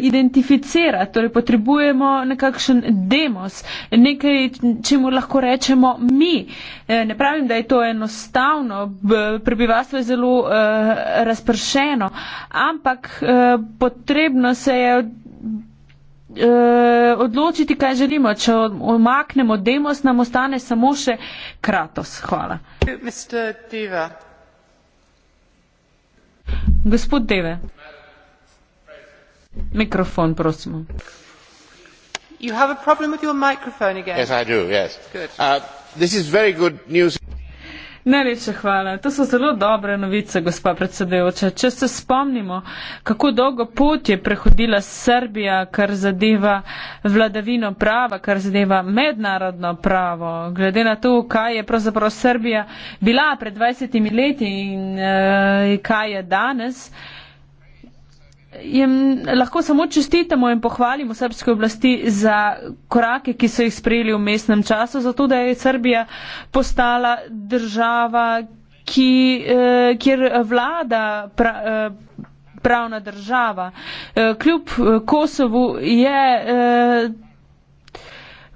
identificirati, torej potrebujemo nekakšen demos, nekaj, čemu lahko rečemo mi. Eh, ne pravim, da je to enostavno, prebivalstvo je zelo eh, razpršeno, ampak eh, potrebno se je odločiti, kaj želimo. Če omaknemo demos, nam ostane samo še kratos. Hvala. Gospod Deve. Mikrofon, prosim. You have a problem with your microphone again? Yes, I do, yes. Good. Uh, this is very good news. Najlepša hvala. To so zelo dobre novice, gospa predsedujoča. Če se spomnimo, kako dolgo pot je prehodila Srbija, kar zadeva vladavino prava, kar zadeva mednarodno pravo, glede na to, kaj je pravzaprav Srbija bila pred 20 leti in uh, kaj je danes. Uh, jim lahko samo čestitamo in pohvalimo srpske oblasti za korake, ki so jih sprejeli v mestnem času, zato da je Srbija postala država, ki, eh, kjer vlada pra, eh, pravna država. Eh, kljub eh, Kosovu je. Eh,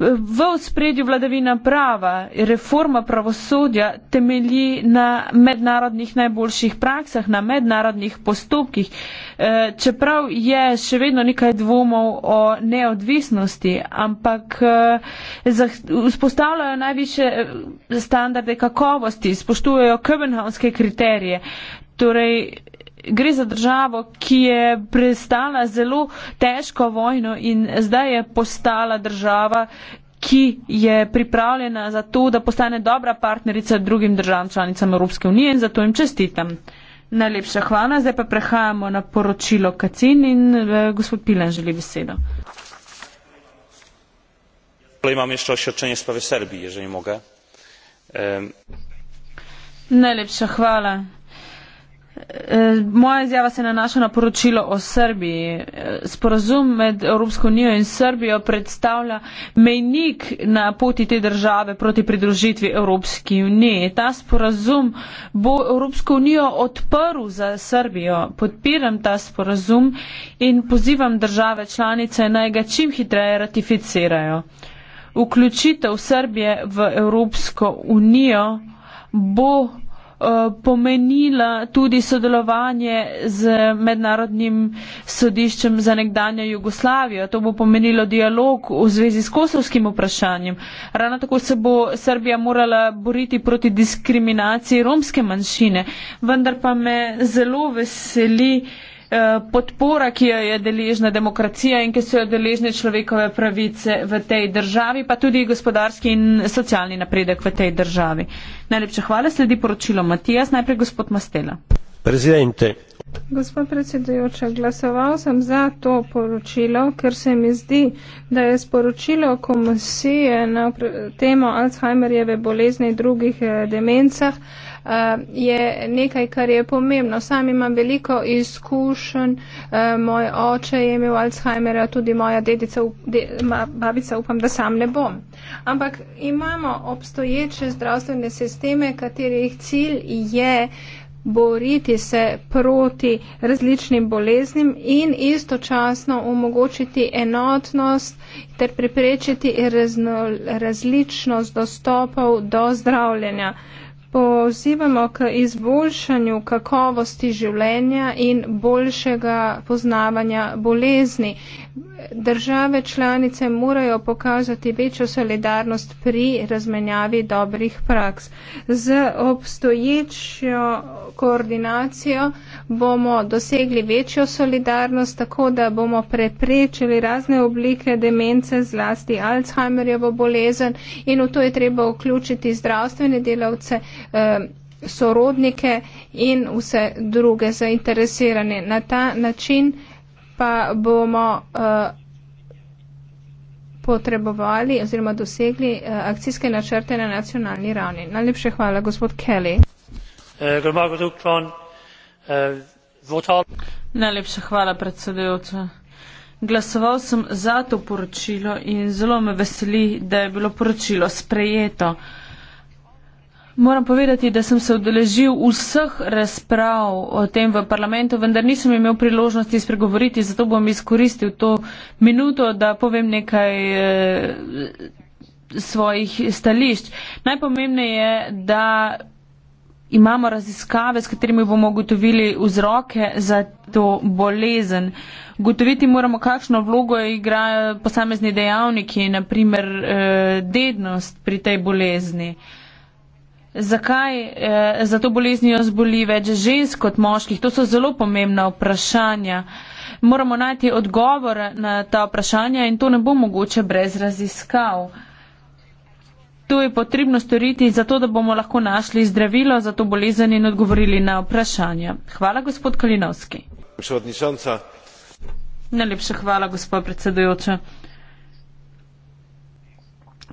V spredju vladavina prava, reforma pravosodja temelji na mednarodnih najboljših praksah, na mednarodnih postopkih. E, čeprav je še vedno nekaj dvomov o neodvisnosti, ampak e, vzpostavljajo najviše e, standarde kakovosti, spoštujejo Köbenhavnske kriterije. Torej, gre za državo, ki je prestala zelo težko vojno in zdaj je postala država, ki je pripravljena za to, da postane dobra partnerica drugim državam članicam Evropske unije in zato jim čestitam. Najlepša hvala. Zdaj pa prehajamo na poročilo Kacin in eh, gospod Pilan želi besedo. Imam še oširčenje sprave Srbije, če mogoče. Um. Najlepša hvala. Eh, moja izjava se nanaša na poročilo o Srbiji. Eh, sporazum med Evropsko unijo in Srbijo predstavlja mejnik na poti te države proti pridružitvi Evropski uniji. Ta sporazum bo Evropsko unijo odprl za Srbijo. Podpiram ta sporazum in pozivam države članice naj ga čim hitreje ratificirajo. Vključitev Srbije v Evropsko unijo bo Eh, pomenila tudi sodelovanje z mednarodnim sodiščem za nekdanje Jugoslavijo. To bo pomenilo dialog v zvezi s kosovskim vprašanjem. Ravno tako se bo Srbija morala boriti proti diskriminaciji romske manjšine. Vendar pa me zelo veseli, Eh, podpora, ki jo je deležna demokracija in ki so jo deležne človekove pravice v tej državi, pa tudi gospodarski in socialni napredek v tej državi. Najlepša hvala, sledi poročilo Matijas, najprej gospod Mastela. Prezidente. Gospod predsedujoča, glasoval sem za to poročilo, ker se mi zdi, da je sporočilo komisije na temo Alzheimerjeve bolezni in drugih eh, demencah eh, Eh, je nekaj, kar je pomembno. Sam imam veliko izkušenj, eh, moj oče je imel Alzheimera, tudi moja dedica, de, ma, babica upam, da sam ne bom. Ampak imamo obstoječe zdravstvene sisteme, katerih cilj je boriti se proti različnim boleznim in istočasno omogočiti enotnost ter preprečiti razno, različnost dostopov do zdravljenja. Uh, pozivamo k izboljšanju kakovosti življenja in boljšega poznavanja bolezni države članice morajo pokazati večjo solidarnost pri razmenjavi dobrih praks. Z obstoječjo koordinacijo bomo dosegli večjo solidarnost, tako da bomo preprečili razne oblike demence, zlasti Alzheimerjevo bolezen in v to je treba vključiti zdravstvene delavce eh, sorodnike in vse druge zainteresirane. Na ta način pa bomo eh, potrebovali oziroma dosegli eh, akcijske načrte na nacionalni ravni. Najlepše hvala, gospod Kelly. Najlepša hvala, predsedujoča. Glasoval sem za to poročilo in zelo me veseli, da je bilo poročilo sprejeto. Uh, Moram povedati, da sem se odeležil vseh razprav o tem v parlamentu, vendar nisem imel priložnosti spregovoriti, zato bom izkoristil to minuto, da povem nekaj e, svojih stališč. Najpomembneje je, da imamo raziskave, s katerimi bomo ugotovili vzroke za to bolezen. Gotoviti moramo, kakšno vlogo igrajo posamezni dejavniki, naprimer e, eh, dednost pri tej bolezni. E, Zakaj eh, za to boleznijo zboli več žensk kot moških? To so zelo pomembna vprašanja. Moramo najti odgovor na ta vprašanja in to ne bo mogoče brez raziskav. To je potrebno storiti, zato da bomo lahko našli zdravilo za to bolezen in odgovorili na vprašanja. Hvala, gospod Kalinovski. Najlepša hvala, gospod predsedujoča.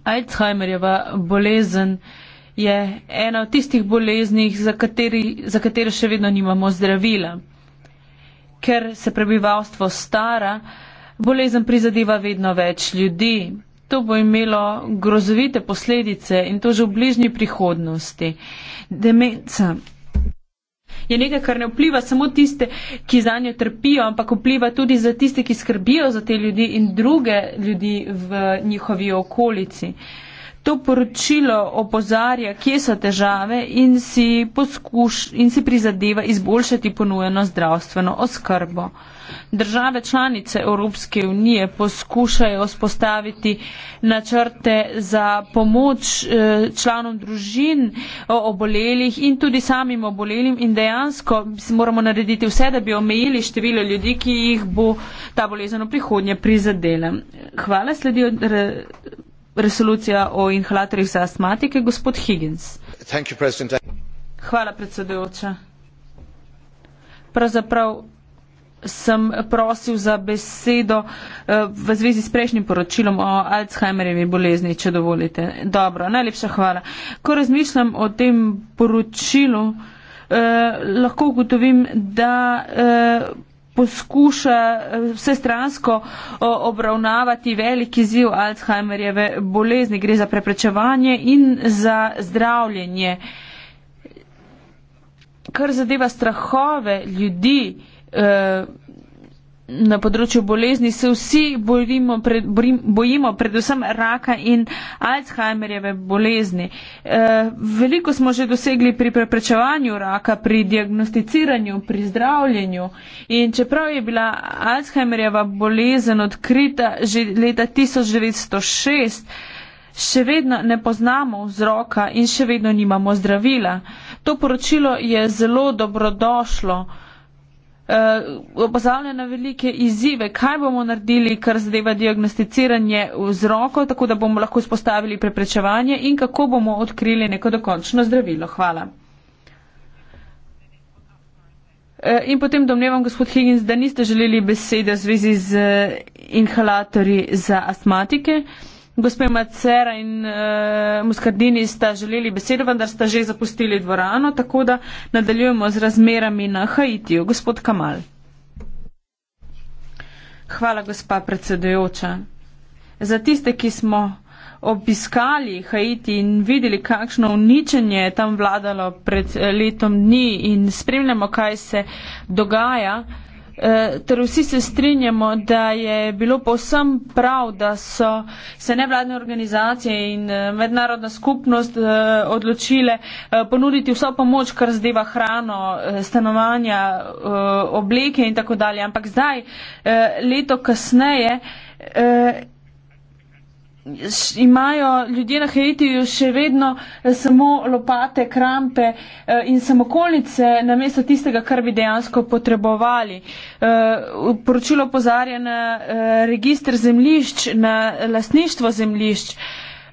Alzheimerjeva bolezen je ena od tistih bolezni, za, za katero še vedno nimamo zdravila. Ker se prebivalstvo stara, bolezen prizadeva vedno več ljudi. To bo imelo grozovite posledice in to že v bližnji prihodnosti. Demenca je nekaj, kar ne vpliva samo tiste, ki za njo trpijo, ampak vpliva tudi za tiste, ki skrbijo za te ljudi in druge ljudi v njihovi okolici to poročilo opozarja, kje so težave in si, poskuš, in si prizadeva izboljšati ponujeno zdravstveno oskrbo. Države članice Evropske unije poskušajo spostaviti načrte za pomoč eh, članom družin obolelih in tudi samim obolelim in dejansko moramo narediti vse, da bi omejili število ljudi, ki jih bo ta bolezen v prihodnje prizadela. Hvala, sledijo resolucija o inhalatorjih za astmatike, gospod Higgins. You, Hvala, predsedujoča. Pravzaprav sem prosil za besedo eh, v zvezi s prejšnjim poročilom o Alzheimerjevi bolezni, če dovolite. Dobro, najlepša hvala. Ko razmišljam o tem poročilu, eh, lahko ugotovim, da eh, poskuša eh, vsestransko eh, obravnavati veliki ziv Alzheimerjeve bolezni. Gre za preprečevanje in za zdravljenje. Kar zadeva strahove ljudi, eh, na področju bolezni se vsi bojimo, pred, bojimo predvsem raka in Alzheimerjeve bolezni. E, veliko smo že dosegli pri preprečevanju raka, pri diagnosticiranju, pri zdravljenju. In čeprav je bila Alzheimerjeva bolezen odkrita že leta 1906, še vedno ne poznamo vzroka in še vedno nimamo zdravila. To poročilo je zelo dobrodošlo uh, eh, opozarja na velike izzive, kaj bomo naredili, kar zadeva diagnosticiranje vzrokov, tako da bomo lahko spostavili preprečevanje in kako bomo odkrili neko dokončno zdravilo. Hvala. Eh, in potem domnevam, gospod Higgins, da niste želeli besede v zvezi z eh, inhalatorji za astmatike. Uh, Gospe Macera in uh, Muscardini sta želeli besedo, vendar sta že zapustili dvorano, tako da nadaljujemo z razmerami na Haitiju. Gospod Kamal. Hvala, gospa predsedujoča. Za tiste, ki smo obiskali Haiti in videli, kakšno uničenje je tam vladalo pred eh, letom dni in spremljamo, kaj se dogaja, Eh, ter torej, vsi se strinjamo, da je bilo posem prav, da so se nevladne organizacije in eh, mednarodna skupnost eh, odločile ponuditi vso pomoč, kar zdeva hrano, stanovanja, obleke in tako dalje. Ampak zdaj, leto kasneje, imajo ljudje na Haitiju še vedno eh, samo lopate, krampe eh, in samokolnice na mesto tistega, kar bi dejansko potrebovali. Eh, Poročilo pozarja na registr zemlišč, na lasništvo zemlišč.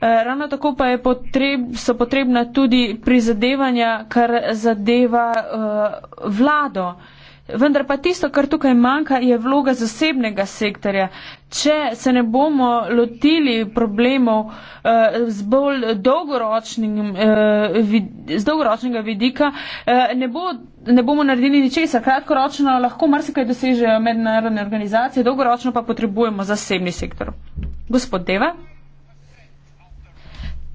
Ravno tako pa potreb, so potrebna tudi prizadevanja, kar zadeva uh, vlado. Uh, Vendar pa tisto, kar tukaj manjka, je vloga zasebnega sektorja. Če se ne bomo lotili problemov eh, z bolj dolgoročnim, eh, vid, z dolgoročnega vidika, eh, ne, bo, ne bomo naredili ničesar. Kratkoročno lahko marsikaj dosežejo mednarodne organizacije, dolgoročno pa potrebujemo zasebni sektor. Gospod Deva,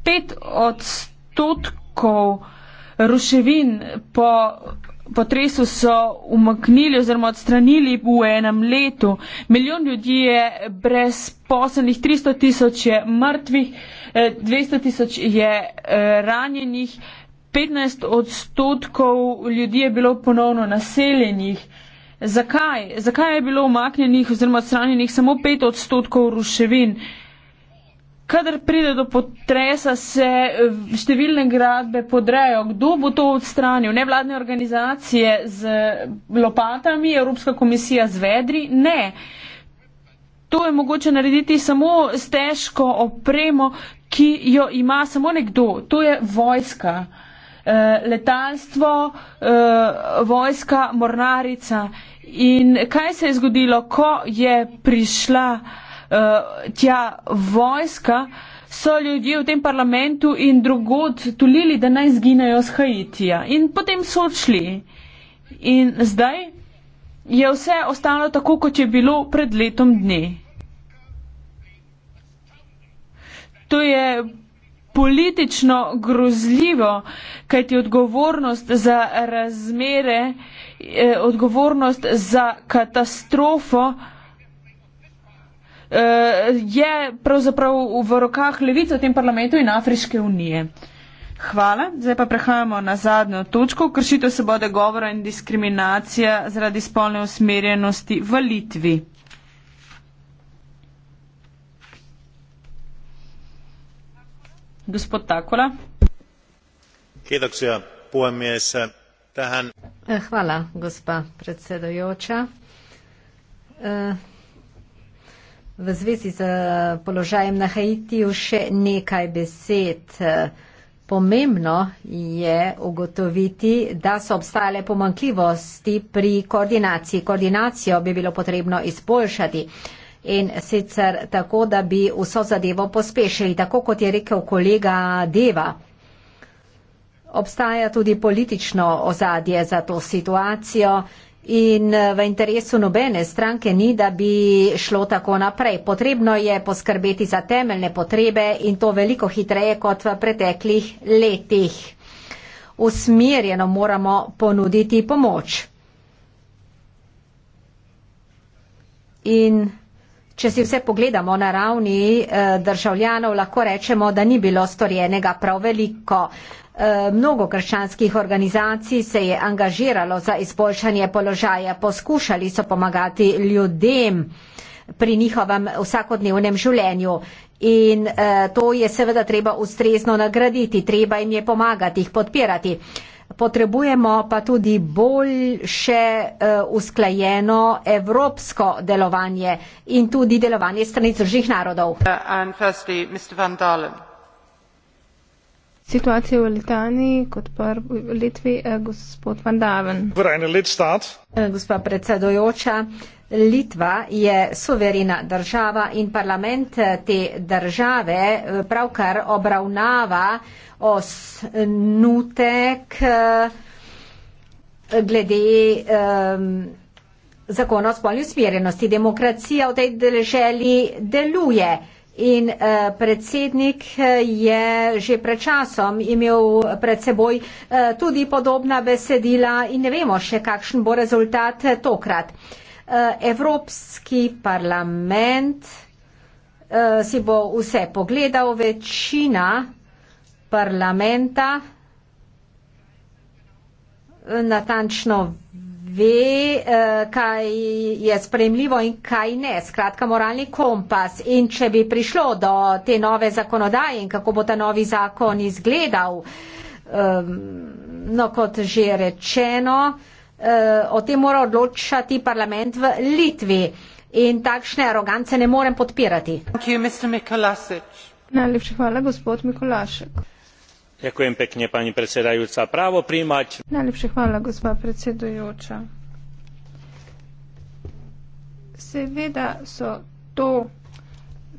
pet odstotkov ruševin po potresu so umaknili oziroma odstranili v enem letu. Milijon ljudi je brez poslenih, 300 tisoč je mrtvih, 200 eh, tisoč je eh, ranjenih, 15 odstotkov ljudi je bilo ponovno naseljenih. Zakaj? Zakaj je bilo umaknjenih oziroma odstranjenih samo 5 odstotkov ruševin? kadar pride do potresa, se eh, številne gradbe podrejo. Kdo bo to odstranil? Nevladne organizacije z lopatami, Evropska komisija z vedri? Ne. To je mogoče narediti samo s težko opremo, ki jo ima samo nekdo. To je vojska. Eh, letalstvo, eh, vojska, mornarica. In kaj se je zgodilo, ko je prišla Eh, tja vojska, so ljudje v tem parlamentu in drugod tulili, da naj zginejo z Haitija. In potem so odšli. In zdaj je vse ostalo tako, kot je bilo pred letom dne. To je politično grozljivo, kajti odgovornost za razmere, eh, odgovornost za katastrofo eh, Eh, je pravzaprav v rokah levice v tem parlamentu in Afriške unije. Hvala. Zdaj pa prehajamo na zadnjo točko. Kršitev se bode govora in diskriminacija zaradi spolne usmerjenosti v Litvi. Gospod Takola. Kedoksija, puhemies, tähän... Eh, hvala, gospa predsedojoča. Eh, V zvezi z eh, položajem na Haitiju še nekaj besed. Pomembno je ugotoviti, da so obstajale pomankljivosti pri koordinaciji. Koordinacijo bi bilo potrebno izboljšati in sicer tako, da bi vso zadevo pospešili, tako kot je rekel kolega Deva. Obstaja tudi politično ozadje za to situacijo In eh, v interesu nobene stranke ni, da bi šlo tako naprej. Potrebno je poskrbeti za temeljne potrebe in to veliko hitreje kot v preteklih letih. Usmerjeno moramo ponuditi pomoč. In če si vse pogledamo na ravni eh, državljanov, lahko rečemo, da ni bilo storjenega prav veliko. Eh, mnogo krščanskih organizacij se je angažiralo za izboljšanje položaja, poskušali so pomagati ljudem pri njihovem vsakodnevnem življenju. In eh, to je seveda treba ustrezno nagraditi, treba jim je pomagati, jih podpirati. Potrebujemo pa tudi boljše eh, usklajeno evropsko delovanje in tudi delovanje strani Združenih narodov. Uh, situatie v Litaniji, kot prvo v Litvi, eh, gospod Van Daven. Eh, gospa predsedojoča, Litva je suverena država in parlament eh, te države pravkar obravnava osnutek glede um, zakona o spolni usmerjenosti. Demokracija v tej deželi deluje. In eh, predsednik eh, je že pred časom imel pred seboj eh, tudi podobna besedila in ne vemo še, kakšen bo rezultat tokrat. Evropski parlament si bo vse pogledal, večina parlamenta natančno ve, eh, kaj je spremljivo in kaj ne. Skratka, moralni kompas. In če bi prišlo do te nove zakonodaje in kako bo ta novi zakon izgledal, ehm, no kot že rečeno, eh, o tem mora odločati parlament v Litvi. In takšne arogance ne morem podpirati. Najlepša hvala, gospod Mikolašek právo prijímať. seveda so to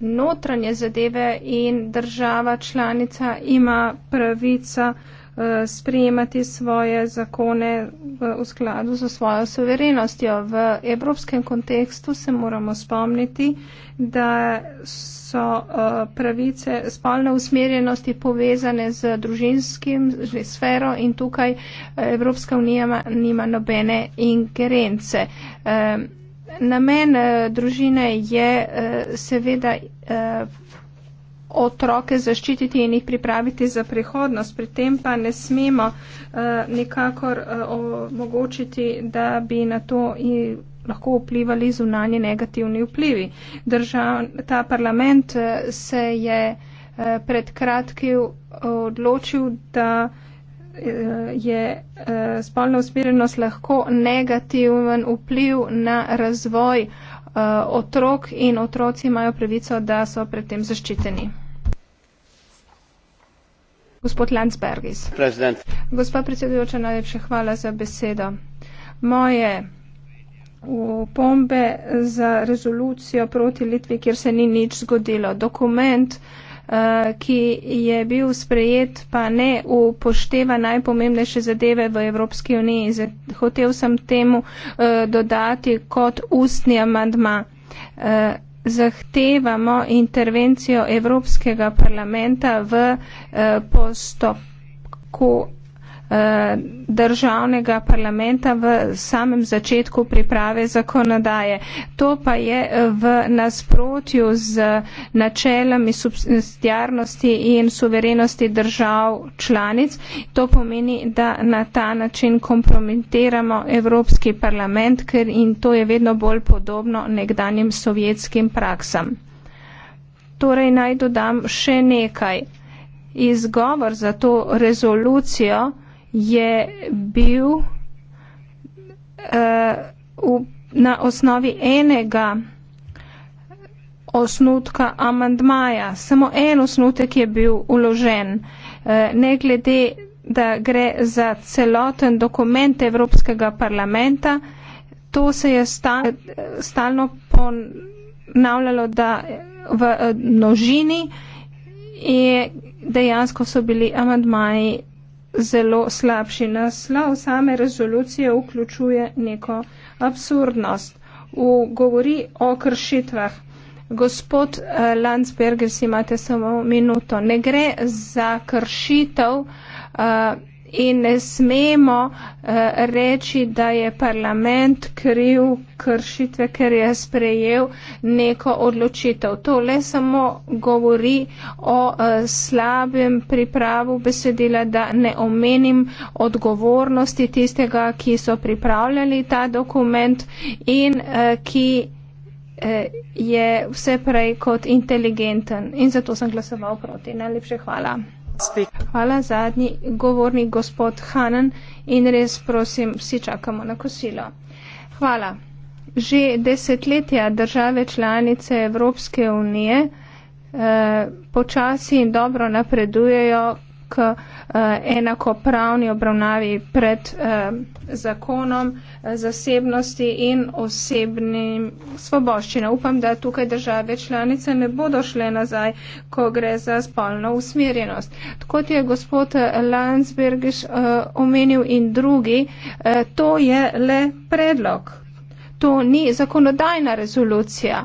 notranje zadeve in država članica ima pravico sama določati kako bo Eh, sprejemati svoje zakone v, v skladu za svojo soverenostjo. V evropskem kontekstu se moramo spomniti, da so uh, pravice spolne usmerjenosti povezane z družinskim z sfero in tukaj Evropska unija ma, nima nobene ingerence. Uh, namen uh, družine je uh, seveda uh, otroke zaščititi in jih pripraviti za prihodnost. Pri tem pa ne smemo uh, nikakor uh, omogočiti, da bi na to lahko vplivali zunanje negativni vplivi. Držav, ta parlament uh, se je uh, pred kratkim odločil, da je spolna usmerjenost lahko negativen vpliv na razvoj uh, Eh, otrok in otroci imajo pravico, da so pred tem zaščiteni. Gospod Landsbergis. President. Gospa predsedujoča, najlepša hvala za besedo. Moje upombe za rezolucijo proti Litvi, kjer se ni nič zgodilo. Dokument uh, Eh, ki je bil sprejet, pa ne upošteva najpomembnejše zadeve v Evropski uniji. Hotev sem temu eh, dodati kot ustni amadma. Eh, zahtevamo intervencijo Evropskega parlamenta v postopku Eh, državnega parlamenta v samem začetku priprave zakonodaje. To pa je eh, v nasprotju z načelami subsidiarnosti in suverenosti držav članic. To pomeni, da na ta način kompromitiramo Evropski parlament, ker in to je vedno bolj podobno nekdanjim sovjetskim praksam. Torej naj dodam še nekaj. Izgovor za to rezolucijo je bil uh, v, na osnovi enega osnutka amandmaja. Samo en osnutek je bil uložen. Eh, ne glede, da gre za celoten dokument Evropskega parlamenta, to se je stalno ponavljalo, da v eh, množini in dejansko so bili amandmaji zelo slabši naslov same rezolucije vključuje neko absurdnost. V govori o kršitvah. Gospod eh, Landsberger, si imate samo minuto. Ne gre za kršitev. Uh, in ne smemo eh, reči, da je parlament kriv kršitve, ker je sprejel neko odločitev. To le samo govori o eh, slabem pripravu besedila, da ne omenim odgovornosti tistega, ki so pripravljali ta dokument in eh, ki je vse prej kot inteligenten. In zato sem glasoval proti. Najlepše hvala. Hvala zadnji govornik, gospod Hanan, in res prosim, vsi čakamo na kosilo. Hvala. Že desetletja države članice Evropske unije eh, počasi in dobro napredujejo k eh, enakopravni obravnavi pred eh, zakonom eh, zasebnosti in osebnim svoboščine. Upam, da tukaj države članice ne bodo šle nazaj, ko gre za spolno usmerjenost. Tako je gospod Landsbergiš omenil in drugi, to je le predlog. To ni zakonodajna rezolucija.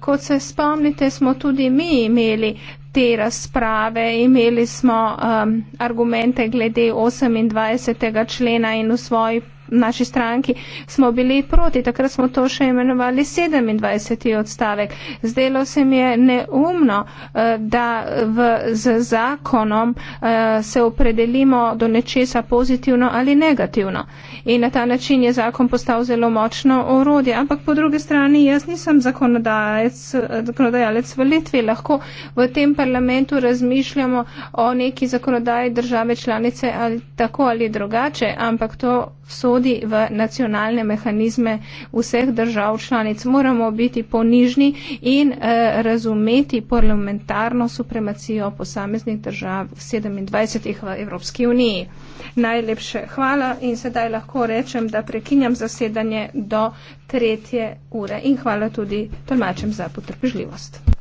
Kot se spomnite, smo tudi mi imeli te razprave, imeli smo um, argumente glede 28. člena in v svoji naši stranki smo bili proti, takrat smo to še imenovali 27. odstavek. Zdelo se mi je neumno, eh, da v, z zakonom eh, se opredelimo do nečesa pozitivno ali negativno. In na ta način je zakon postal zelo močno orodje. Ampak po drugi strani jaz nisem zakonodajec, eh, zakonodajalec v Litvi. Lahko v tem parlamentu razmišljamo o neki zakonodaji države članice ali tako ali drugače, ampak to sodi vodi v nacionalne mehanizme vseh držav članic. Moramo biti ponižni in eh, razumeti parlamentarno supremacijo posameznih držav 27 v Evropski uniji. Najlepše hvala in sedaj lahko rečem, da prekinjam zasedanje do tretje ure in hvala tudi tolmačem za potrpežljivost.